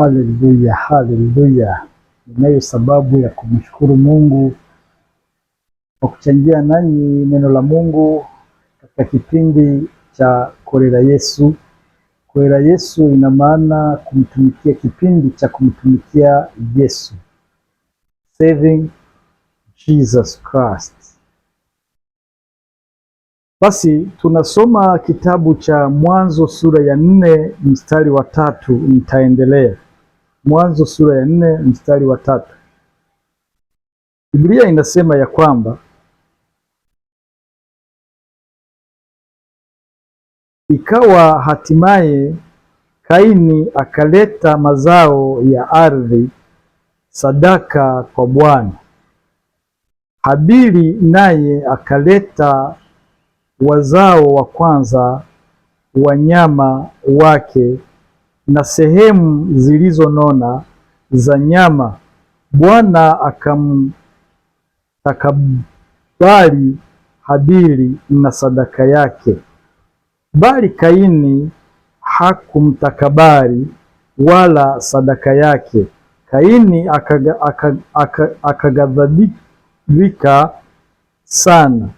Haleluya, haleluya! Ninayo sababu ya kumshukuru Mungu kwa kuchangia nanyi neno la Mungu katika kipindi cha Kolera Yesu. Kolera Yesu ina maana kumtumikia, kipindi cha kumtumikia Yesu, Serving Jesus Christ. Basi tunasoma kitabu cha Mwanzo sura ya nne mstari wa tatu. Nitaendelea Mwanzo sura ya nne mstari wa tatu. Biblia inasema ya kwamba ikawa hatimaye Kaini akaleta mazao ya ardhi sadaka kwa Bwana. Habili naye akaleta wazao wa kwanza, wanyama wake na sehemu zilizonona za nyama. Bwana akamtakabali Habili na sadaka yake, bali Kaini hakumtakabali wala sadaka yake. Kaini akagadhabika akaga, akaga sana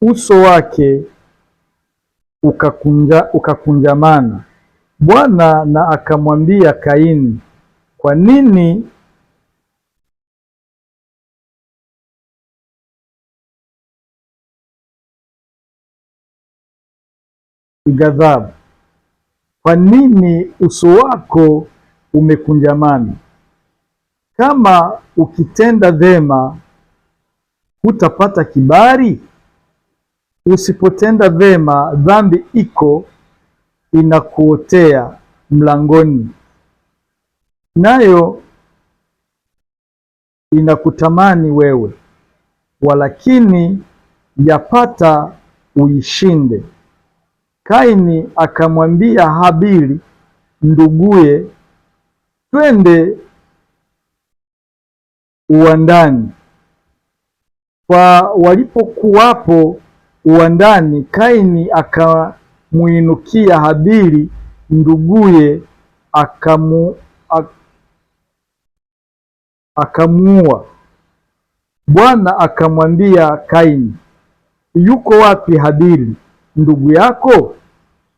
uso wake ukakunja, ukakunjamana. Bwana na akamwambia Kaini, kwa nini ghadhabu? Kwa nini uso wako umekunjamana? Kama ukitenda dhema hutapata kibali? Usipotenda vema, dhambi iko inakuotea mlangoni, nayo inakutamani wewe, walakini yapata uishinde. Kaini akamwambia Habili nduguye, twende uwandani. Kwa walipokuwapo uwandani, Kaini akamuinukia Habili nduguye, akamuua. Bwana akamwambia Kaini, yuko wapi Habili ndugu yako?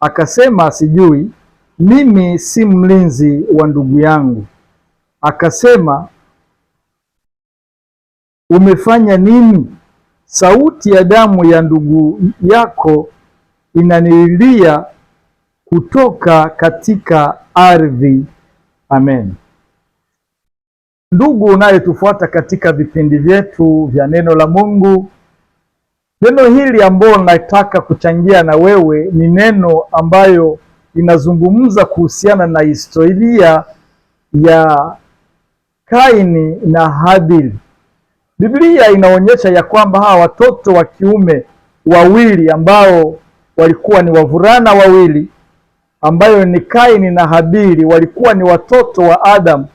Akasema, sijui, mimi si mlinzi wa ndugu yangu. Akasema, umefanya nini? sauti ya damu ya ndugu yako inanililia kutoka katika ardhi. Amen. Ndugu unayetufuata katika vipindi vyetu vya neno la Mungu, neno hili ambalo nataka kuchangia na wewe ni neno ambayo inazungumza kuhusiana na historia ya Kaini na Habili. Biblia inaonyesha ya kwamba hawa watoto wa kiume wawili ambao walikuwa ni wavulana wawili ambayo ni Kaini na Habili walikuwa ni watoto wa Adamu.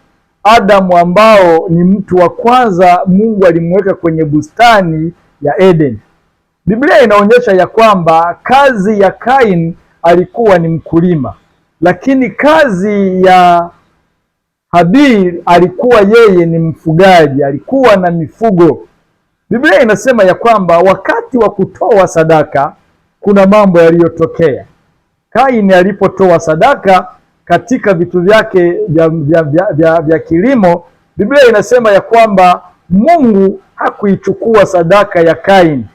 Adamu ambao ni mtu wa kwanza Mungu alimweka kwenye bustani ya Eden. Biblia inaonyesha ya kwamba kazi ya Kaini alikuwa ni mkulima, lakini kazi ya habir alikuwa yeye ni mfugaji, alikuwa na mifugo. Biblia inasema ya kwamba wakati wa kutoa sadaka kuna mambo yaliyotokea. Kaini alipotoa sadaka katika vitu vyake vya, vya, vya, vya, vya kilimo, Biblia inasema ya kwamba Mungu hakuichukua sadaka ya Kaini,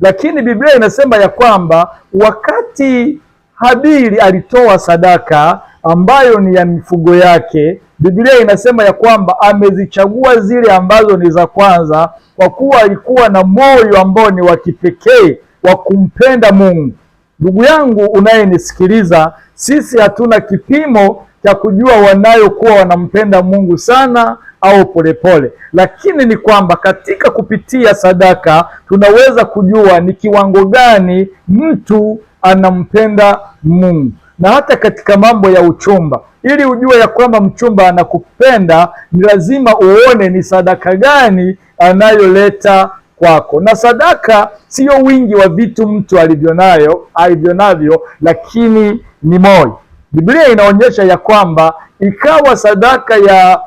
lakini Biblia inasema ya kwamba wakati Habili alitoa sadaka ambayo ni ya mifugo yake Biblia inasema ya kwamba amezichagua zile ambazo ni za kwanza, kwa kuwa alikuwa na moyo ambao ni wa kipekee wa kumpenda Mungu. Ndugu yangu unayenisikiliza, sisi hatuna kipimo cha kujua wanayokuwa wanampenda Mungu sana au polepole, lakini ni kwamba katika kupitia sadaka tunaweza kujua ni kiwango gani mtu anampenda Mungu na hata katika mambo ya uchumba. Ili ujue ya kwamba mchumba anakupenda, ni lazima uone ni sadaka gani anayoleta kwako. Na sadaka sio wingi wa vitu mtu alivyonayo alivyonavyo, lakini ni moyo. Biblia inaonyesha ya kwamba ikawa sadaka ya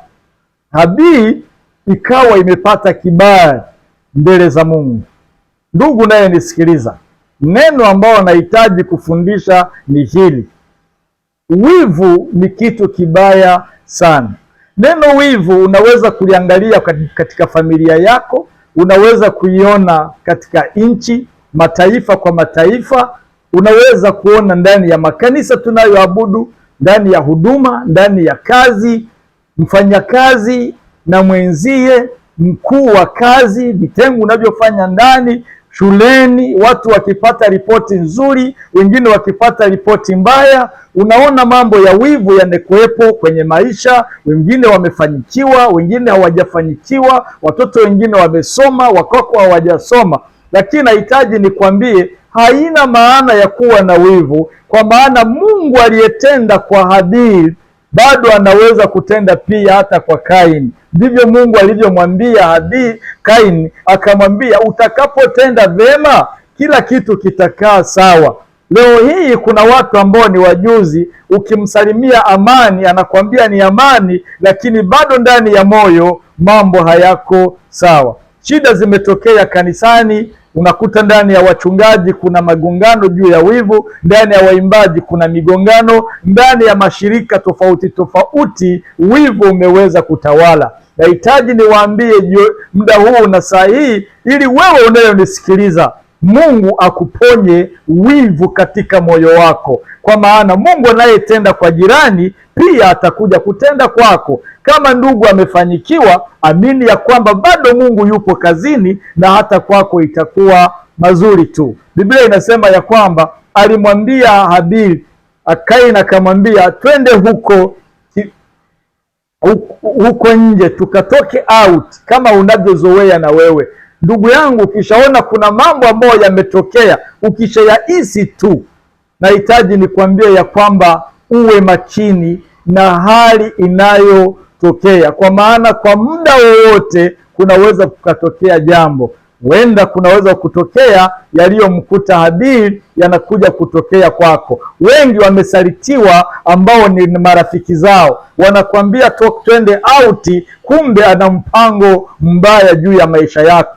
Habii ikawa imepata kibali mbele za Mungu. Ndugu naye nisikiliza, neno ambao nahitaji kufundisha ni hili. Wivu ni kitu kibaya sana. Neno wivu unaweza kuliangalia katika familia yako, unaweza kuiona katika nchi, mataifa kwa mataifa, unaweza kuona ndani ya makanisa tunayoabudu, ndani ya huduma, ndani ya kazi, mfanyakazi na mwenzie, mkuu wa kazi, vitengo unavyofanya ndani shuleni, watu wakipata ripoti nzuri, wengine wakipata ripoti mbaya. Unaona mambo ya wivu yanakuwepo kwenye maisha, wengine wamefanikiwa, wengine hawajafanikiwa, watoto wengine wamesoma, wakoko hawajasoma. Lakini nahitaji nikwambie, haina maana ya kuwa na wivu, kwa maana Mungu aliyetenda kwa Habil bado anaweza kutenda pia hata kwa Kaini ndivyo Mungu alivyomwambia Habi Kaini, akamwambia utakapotenda vema kila kitu kitakaa sawa. Leo hii kuna watu ambao ni wajuzi, ukimsalimia amani anakwambia ni amani, lakini bado ndani ya moyo mambo hayako sawa. Shida zimetokea kanisani, Unakuta ndani ya wachungaji kuna magongano juu ya wivu, ndani ya waimbaji kuna migongano, ndani ya mashirika tofauti tofauti wivu umeweza kutawala. Nahitaji niwaambie muda huu na saa hii, ili wewe unayonisikiliza Mungu akuponye wivu katika moyo wako, kwa maana Mungu anayetenda kwa jirani pia atakuja kutenda kwako. Kama ndugu amefanyikiwa, amini ya kwamba bado Mungu yupo kazini na hata kwako itakuwa mazuri tu. Biblia inasema ya kwamba alimwambia Habili, Kaini akamwambia twende huko huko nje tukatoke out kama unavyozoea na wewe Ndugu yangu, ukishaona kuna mambo ambayo yametokea, ukishayahisi tu, nahitaji nikwambie ya kwamba uwe makini na hali inayotokea, kwa maana kwa muda wowote kunaweza kukatokea jambo huenda kunaweza kutokea yaliyomkuta Habil yanakuja kutokea kwako. Wengi wamesalitiwa ambao ni marafiki zao, wanakwambia twende auti, kumbe ana mpango mbaya juu ya maisha yako,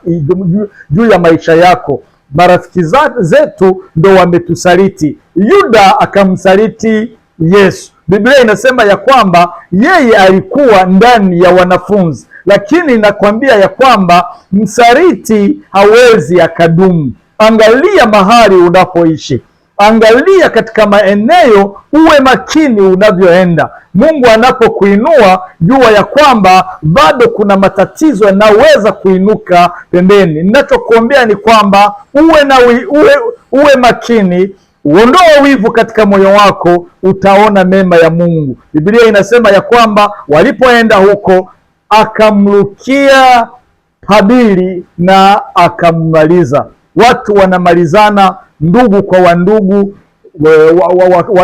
juu ya maisha yako. Marafiki zetu ndo wametusaliti. Yuda akamsaliti Yesu. Biblia inasema ya kwamba yeye alikuwa ndani ya wanafunzi lakini nakwambia ya kwamba msariti hawezi akadumu. Angalia mahali unapoishi, angalia katika maeneo, uwe makini unavyoenda. Mungu anapokuinua jua ya kwamba bado kuna matatizo yanaweza kuinuka pembeni. Ninachokuombea ni kwamba uwe na uwe, uwe makini uondoe wivu katika moyo wako, utaona mema ya Mungu. Biblia inasema ya kwamba walipoenda huko akamrukia Habili na akammaliza. Watu wanamalizana ndugu kwa wandugu,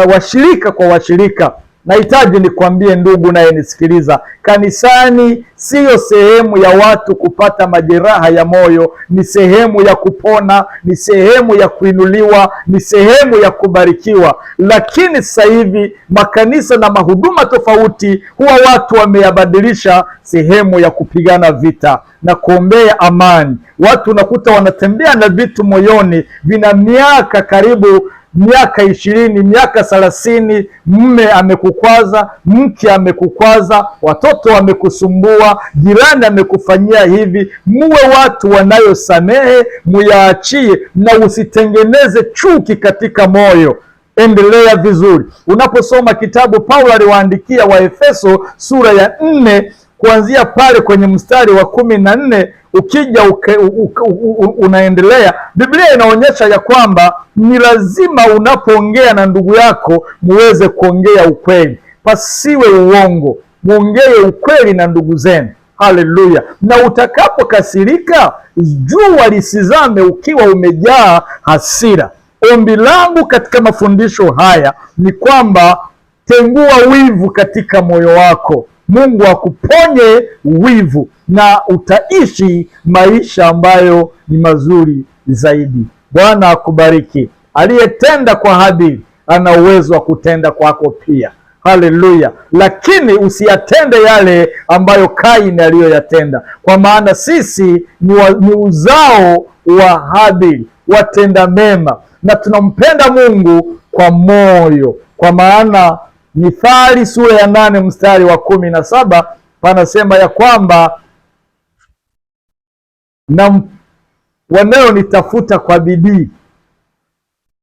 washirika wa, wa, wa, wa kwa washirika Nahitaji nikwambie ndugu unayenisikiliza, kanisani siyo sehemu ya watu kupata majeraha ya moyo, ni sehemu ya kupona, ni sehemu ya kuinuliwa, ni sehemu ya kubarikiwa. Lakini sasa hivi makanisa na mahuduma tofauti, huwa watu wameyabadilisha sehemu ya kupigana vita na kuombea amani. Watu unakuta wanatembea na vitu moyoni vina miaka karibu miaka ishirini, miaka thelathini, mme amekukwaza, mke amekukwaza, watoto wamekusumbua, jirani amekufanyia hivi. Muwe watu wanayosamehe, muyaachie na usitengeneze chuki katika moyo. Endelea vizuri. Unaposoma kitabu Paulo aliwaandikia Waefeso sura ya nne kuanzia pale kwenye mstari wa kumi na nne ukija uke, unaendelea. Biblia inaonyesha ya kwamba ni lazima unapoongea na ndugu yako muweze kuongea ukweli, pasiwe uongo, muongee ukweli na ndugu zenu. Haleluya! Na utakapokasirika, jua lisizame ukiwa umejaa hasira. Ombi langu katika mafundisho haya ni kwamba tengua wivu katika moyo wako. Mungu akuponye wivu na utaishi maisha ambayo ni mazuri zaidi. Bwana akubariki. Aliyetenda kwa Habili ana uwezo wa kutenda kwako pia. Haleluya! Lakini usiyatende yale ambayo Kaini aliyoyatenda, kwa maana sisi ni, wa, ni uzao wa Habili watenda mema, na tunampenda Mungu kwa moyo, kwa maana Mithali sura ya nane mstari wa kumi na saba panasema ya kwamba na wanaonitafuta kwa bidii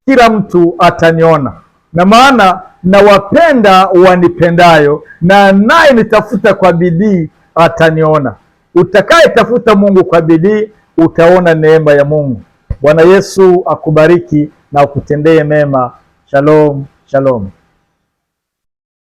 kila mtu ataniona, na maana nawapenda wanipendayo, na anayenitafuta kwa bidii ataniona. Utakayetafuta Mungu kwa bidii utaona neema ya Mungu. Bwana Yesu akubariki na akutendee mema. Shalom, shalom.